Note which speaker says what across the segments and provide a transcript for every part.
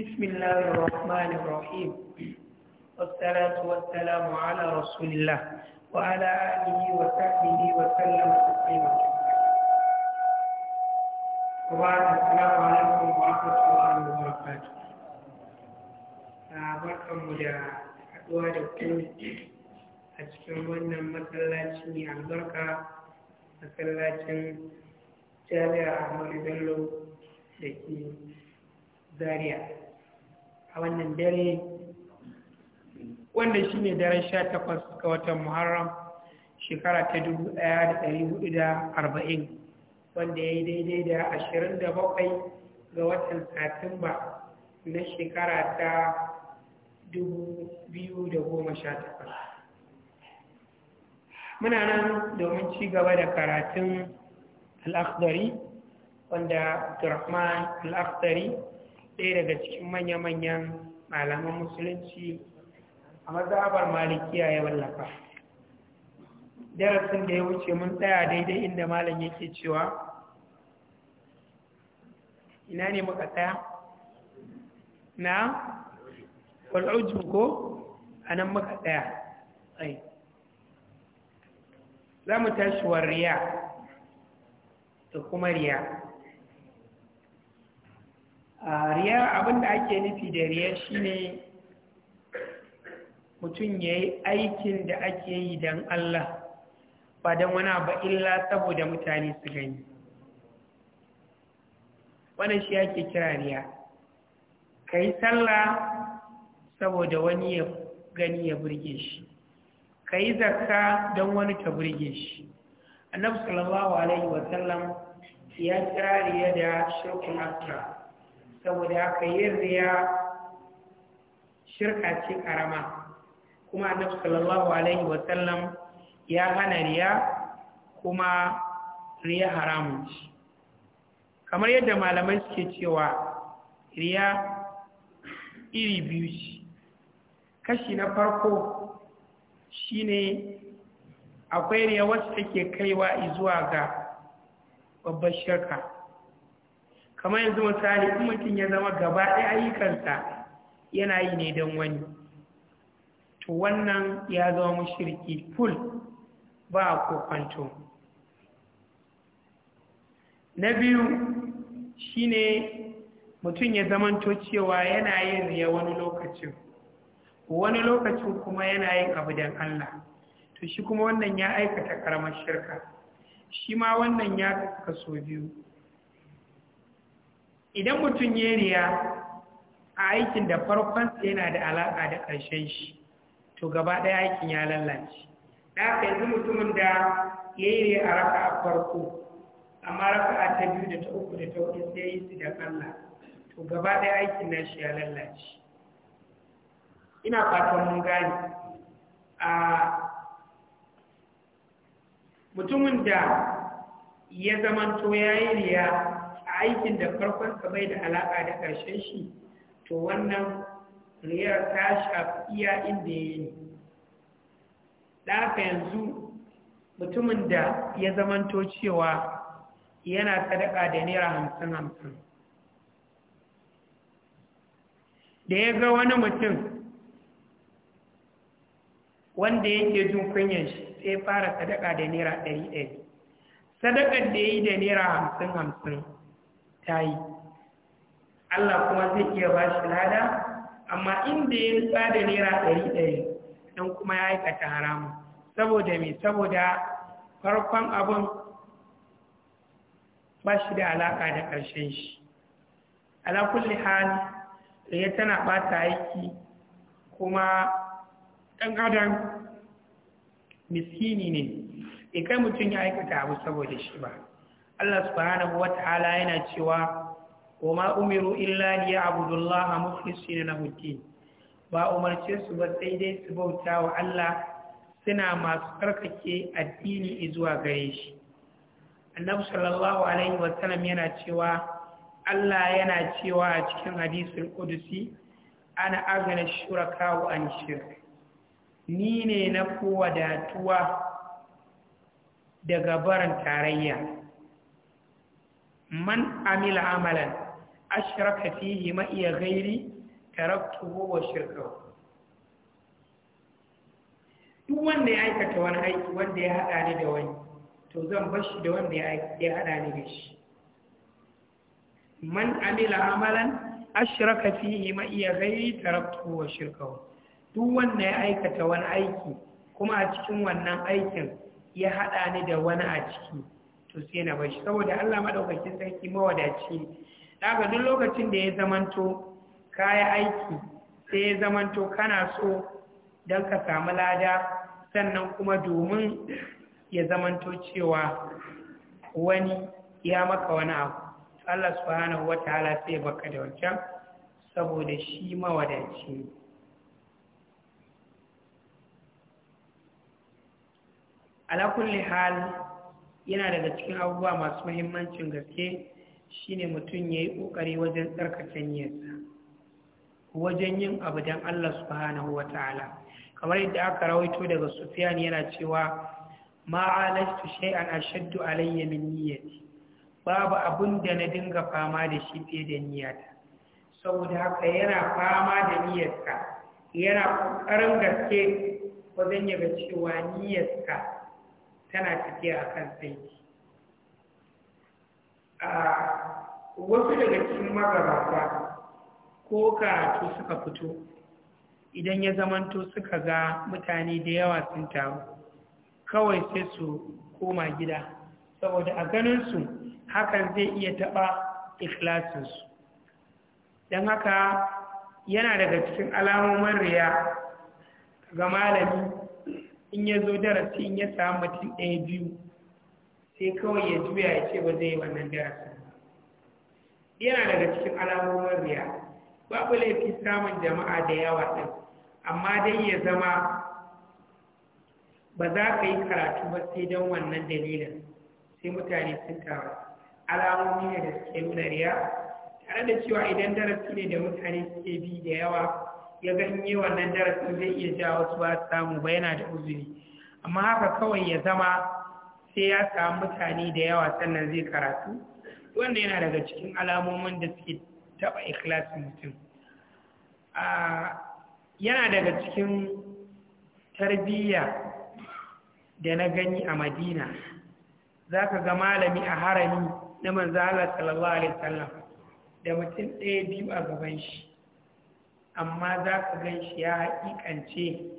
Speaker 1: بسم الله الرحمن الرحيم والصلاة والسلام على رسول الله وعلى آله وصحبه وسلم تسليما وبعد السلام عليكم ورحمة الله وبركاته barkanmu da haɗuwa da ku a cikin البركة masallaci جابر أحمد masallacin jami'ar ahmadu bello a wannan dare wanda shi ne daren sha takwas ga watan muharram shekara ta dubu ɗaya da dari hudu da arba'in wanda ya yi daidai da ashirin da bakwai ga watan satumba na shekara ta dubu biyu da goma sha takwas muna nan domin ci gaba da karatun al'akhdari wanda abdurrahman al'akhdari ɗaya daga cikin manya-manyan malaman musulunci a mazabar malikiya ya wallafa darasin da ya wuce mun tsaya daidai inda malam yake cewa ina ne muka tsaya na wal'ujin ko a nan muka tsaya za mu tashi wa riya da kuma riya riya abinda ake nufi da riya shine mutum ya yi aikin da ake yi don Allah ba don wani abu illa saboda mutane su gani Wani shi ake kira riya ka yi sallah saboda wani ya gani ya burge shi ka yi zakka don wani ta burge shi annabi sallallahu alaihi wasallam ya kira riya da shirkun akra saboda haka yin riya shirka ce karama kuma annabi sallallahu alaihi wa sallam ya hana riya kuma riya haramun kamar yadda malamai suke cewa riya iri biyu ce kashi na farko shine akwai riya wacce take kaiwa zuwa ga babbar shirka kamar yanzu misali in mutum ya zama gaba ɗaya ayyukansa yana yi ne don wani to wannan ya zama mashirki ful ba a kokwanto na biyu shi ne mutum ya zamanto cewa yana yin riya wani lokacin wani lokacin kuma yana yin abu don Allah to shi kuma wannan ya aikata karamar shirka shi ma wannan ya so biyu idan mutum ya riya a aikin da farkonsa yana da alaƙa da ƙarshen shi to gaba ɗaya aikin ya lallace da aka yanzu mutumin da ya yi riya a raka a farko amma raka a ta biyu da ta uku da ta hudu sai yi su da kalla, to gaba ɗaya aikin na shi ya lallace ina fatan mun gane a mutumin da ya zamanto ya yi riya aikin da farkon ka bai da alaƙa da ƙarshen shi to wannan riyar ta shafi iya inda ya yi da yanzu mutumin da ya zamanto cewa yana sadaka da naira hamsin hamsin da ya ga wani mutum wanda yake jin kunyan shi sai fara sadaka da naira ɗari ɗari sadakar da ya yi da naira hamsin hamsin ta yi Allah kuma zai iya ba shi lada amma inda ya ba da naira ɗari ɗaya, don kuma ya aikata haramu saboda me saboda farkon abin ba shi da alaƙa da ƙarshen shi Alakun kulli da ya tana ɓata aiki kuma ɗan adam miskini ne kai mutum ya aikata abu saboda shi ba Allah subhanahu wata'ala yana cewa kuma umiru illa ya ya'budu Allah mukhlishina lahu din ba umarce su ba sai dai su bauta wa Allah suna masu karkake addini zuwa gare shi annabi sallallahu alaihi wa yana cewa Allah yana cewa a cikin hadisul qudusi ana agana shuraka wa an shirk ni ne na kowa datuwa daga barin tarayya man amila amalan ashraka fihi ma iya ghairi taraktuhu wa shirka duk wanda ya aikata wani aiki wanda ya haɗa ni da wani to zan bar shi da wanda ya haɗa ni da shi man amila amalan ashraka fihi ma iya ghairi taraktuhu wa shirka duk wanda ya aikata wani aiki kuma a cikin wannan aikin ya haɗa ni da wani a ciki to sai na bashi saboda Allah madaukakin sarki mawadaci daga duk lokacin da ya zamanto kaya aiki sai ya zamanto kana so don ka samu lada sannan kuma domin ya zamanto cewa wani ya maka wani abu Allah subhanahu wataala sai baka da wancan saboda shi mawadaci ala kulli hal yana daga cikin abubuwa masu mahimmancin gaske shine mutum ya yi ƙoƙari wajen tsarkacen niyyarsa wajen yin abu don Allah subhanahu wa ta'ala kamar yadda aka rawaito daga sufiyan yana cewa ma'alastu shay'an ashaddu alayya min niyyati babu abun da na dinga fama da shi fiye da niyyata saboda haka yana fama da niyyata, yana ƙoƙarin gaske wajen yaga cewa niyyarka tana tafiya a kan A wasu daga cikin magabata ko karatu suka fito idan ya zamanto suka ga mutane da yawa sun taru kawai sai su koma gida saboda a ganinsu hakan zai iya taɓa ikilasinsu, don haka yana daga cikin alamomin riya ga malami in ya zo darasi in ya samu mutum ɗaya biyu sai kawai ya juya ya ce ba zai yi wannan darasin yana daga cikin alamomin riya babu laifi samun jama'a da yawa ɗin amma dai ya zama ba za ka yi karatu ba sai don wannan dalilin sai mutane sun taru alamomi ne da suke nuna riya tare da cewa idan darasi ne da mutane suke bi da yawa ya ganye wannan darasin zai iya ja wasu ba su samu ba yana da uzuri amma haka kawai ya zama sai ya samu mutane da yawa sannan zai karatu wannan yana daga cikin alamomin da suke taɓa ikilasin mutum yana daga cikin tarbiyya da na gani a madina za ka ga malami a harami na manzala sallallahu alaihi wasallam da mutum ɗaya biyu a gaban shi amma za ka gan shi ya haƙiƙance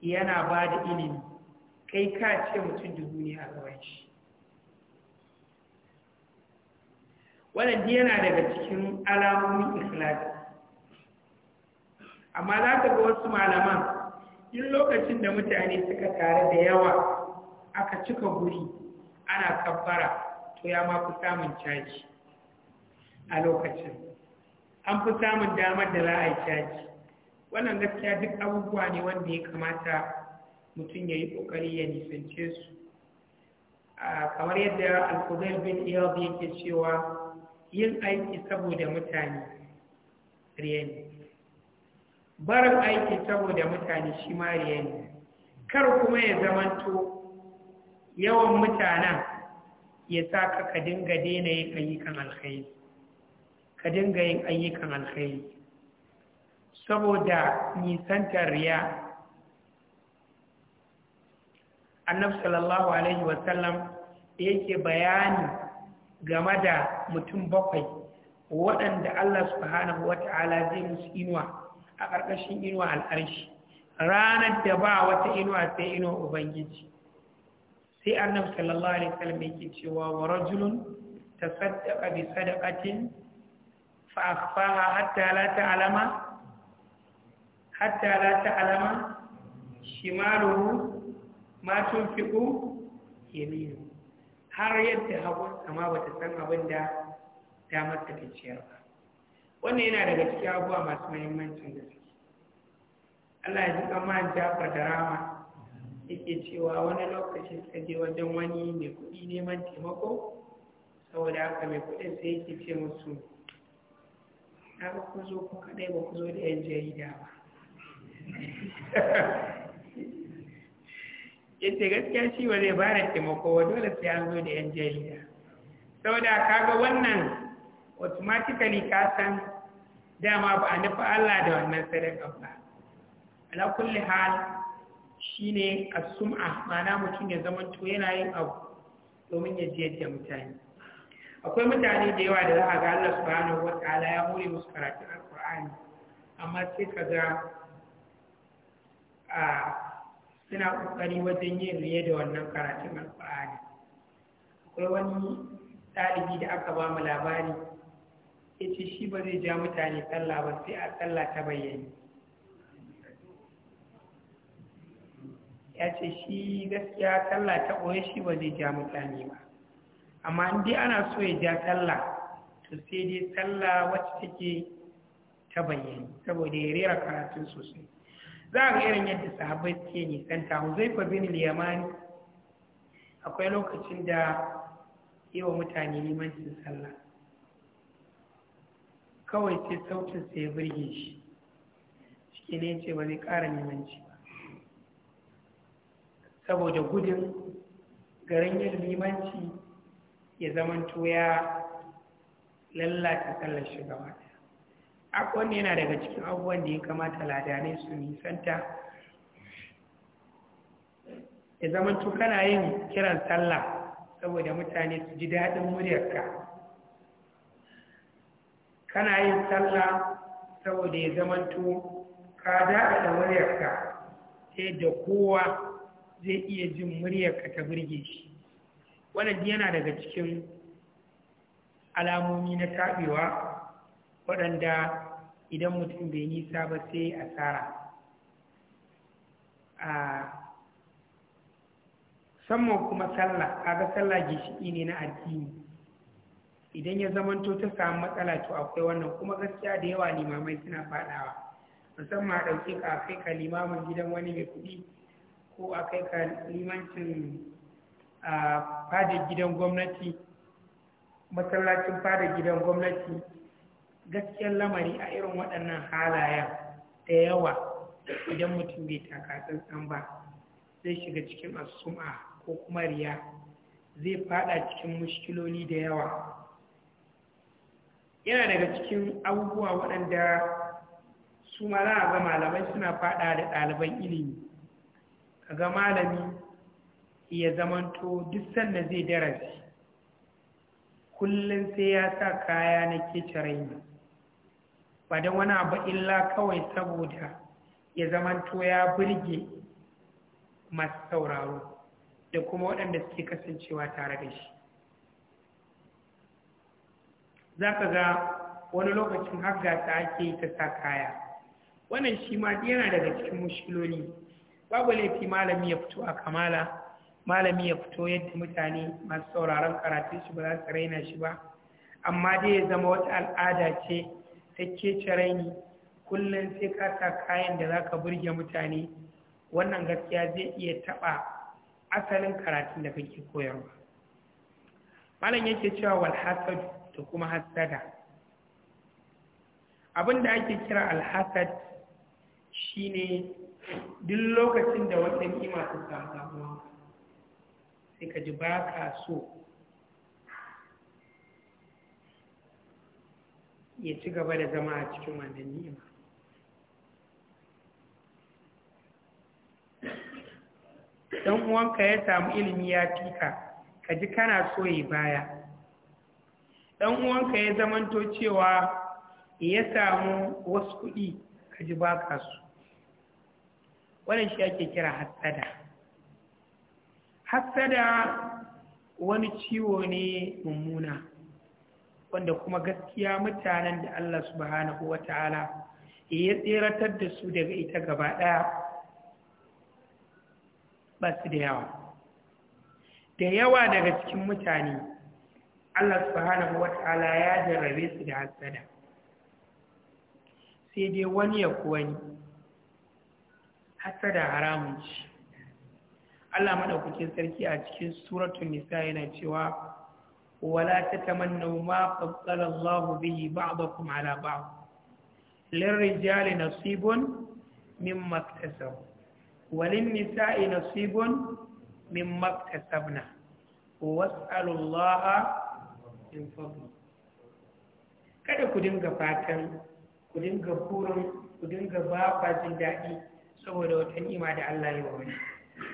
Speaker 1: yana ba da ilimi kai ka ce mutum da duniya a gaban shi waɗanda yana daga cikin alamomin islami amma za ka ga wasu malaman yin lokacin da mutane suka tare da yawa aka cika guri ana kabbara to ya ma fi samun caji a lokacin an fi samun damar da za a yi caji wannan gaskiya duk abubuwa ne wanda ya kamata mutum ya yi ƙoƙari ya nisance su kamar yadda alkudar bin iyadu yake cewa yin aiki saboda mutane riya ne barin aiki saboda mutane shi ma riya ne kar kuma ya zamanto yawan mutanen ya sa ka dinga daina yi kan alkhairi ka dinga yin ayyukan alkhairi saboda nisantar riya annabi sallallahu alaihi wasallam yake bayani game da mutum bakwai waɗanda Allah subhanahu ta'ala zai musu inuwa a ƙarƙashin inuwa al'arshi ranar da ba wata inuwa sai inuwa ubangiji sai annabi sallallahu alaihi wasallam yake cewa wa rajulun tasaddaqa bi sadaqatin فأخفاها حتى لا تعلم حتى لا تعلم شماله ما تنفق يمينه har yadda hagunsa ma ta san abin da damar ta ciyar ba wannan yana daga cikin abubuwa masu muhimmancin gaske Allah ya ji an Jafar da Rama yake cewa wani lokacin ka je wajen wani mai kuɗi neman taimako saboda haka mai kuɗin sai yake ce musu har ku zo ku kaɗai ba ku zo da yan jarida ba yace gaskiya shi ba zai ba da taimako wa dole sai an zo da yan jarida saboda ga wannan automatically ka san dama ba a nufi Allah da wannan sadaka ba ala kulli hal shine a suma ma'ana mutum ya zama to yana yin abu domin ya je da mutane akwai mutane da yawa da za a ga Allah subhanahu ta'ala ya hore musu karatun alkur'ani amma sai ka ga a suna kokari wajen yin riye da wannan karatun alkur'ani akwai wani ɗalibi da aka ba mu labari ya ce shi ba zai ja mutane sallah ba sai a sallah ta bayyane ya ce shi gaskiya sallah ta ɓoye shi ba zai ja mutane ba amma in dai ana so ya ja sallah to sai dai sallah wacce take ta bayyane saboda ya rera karatun sosai za a ga irin yadda sahabbai suke nisanta huzaifa bin liyamani akwai lokacin da yi mutane limancin sallah kawai sai sautin sa ya birge shi shi ne ce ba zai ƙara limanci ba saboda gudun garin yin limanci ya zamanto ya lallata sallar shi gaba akwai yana daga cikin abubuwan da ya kamata ne su nisanta ya zamanto kana yin kiran sallah saboda mutane su ji daɗin muryarka kana yin sallah saboda ya zamanto ka daɗa muryarka ta yadda kowa zai iya jin muryarka ta birge shi wannan yana daga cikin alamomi na taɓewa waɗanda idan mutum bai nisa ba sai asara a samman kuma sallah kaga sallah gishiki ne na addini idan ya zamanto ta samu matsala to akwai wannan kuma gaskiya da yawa limamai suna faɗawa musamman a ɗauke ka kai ka limamin gidan wani mai kuɗi ko a kai ka limancin a fadar gidan gwamnati masallacin fadar gidan gwamnati gaskiyar lamari a irin waɗannan halayen da yawa idan mutum bai taka tsantsan ba zai shiga cikin asuma ko kuma riya zai fada cikin mushkiloli da yawa yana daga cikin abubuwa waɗanda su ma za a ga malamai suna fada da ɗaliban ilimi ga malami ya zamanto duk sanda zai darasi kullum sai ya sa kaya na kecere raini. ba don wani abu illa kawai saboda ya zamanto ya burge masu sauraro da kuma waɗanda suke kasancewa tare da shi za ka ga wani lokacin har ake yi ta sa kaya wannan shi ma yana daga cikin mushiloli babu laifi malami ya fito a kamala malami ya fito yadda mutane masu sauraron karatun shi ba za su raina shi ba amma dai ya zama wata al'ada ce ta kece raini kullum sai ka sa kayan da za ka burge mutane wannan gaskiya zai iya taɓa asalin karatun da kake koyarwa malam yake cewa wal hasad da kuma hasada abin da ake kira alhasad shine duk lokacin da wata ni'ima ta samu sai ka ji ba ka so ya ci gaba da zama a cikin wannan ni'ima ɗan uwanka ya samu ilimi ya fika ka ji kana so yi baya dan uwanka ya zamanto cewa ya samu wasu kuɗi ka ji ba ka so wannan shi ake kira hassada hassada wani ciwo ne mummuna wanda kuma gaskiya mutanen da Allah subhanahu wa ta'ala ya tseratar da su daga ita gaba ɗaya ba su da yawa da yawa daga cikin mutane Allah subhanahu wa ta'ala ya jarrabe su da hasada sai dai wani ya kuwa ni hassada haramun ci Allah madaukakin sarki a cikin suratul nisa yana cewa wala tatamannu ma faddala Allahu bihi ba'dakum ala ba'd lirrijali nasibun mimma iktasabu walin nisa'i nasibun mimma iktasabna was'alu Allah min fadli kada ku dinga fatan ku dinga burin ku dinga ba jin daɗi saboda wata ni'ima da Allah ya wani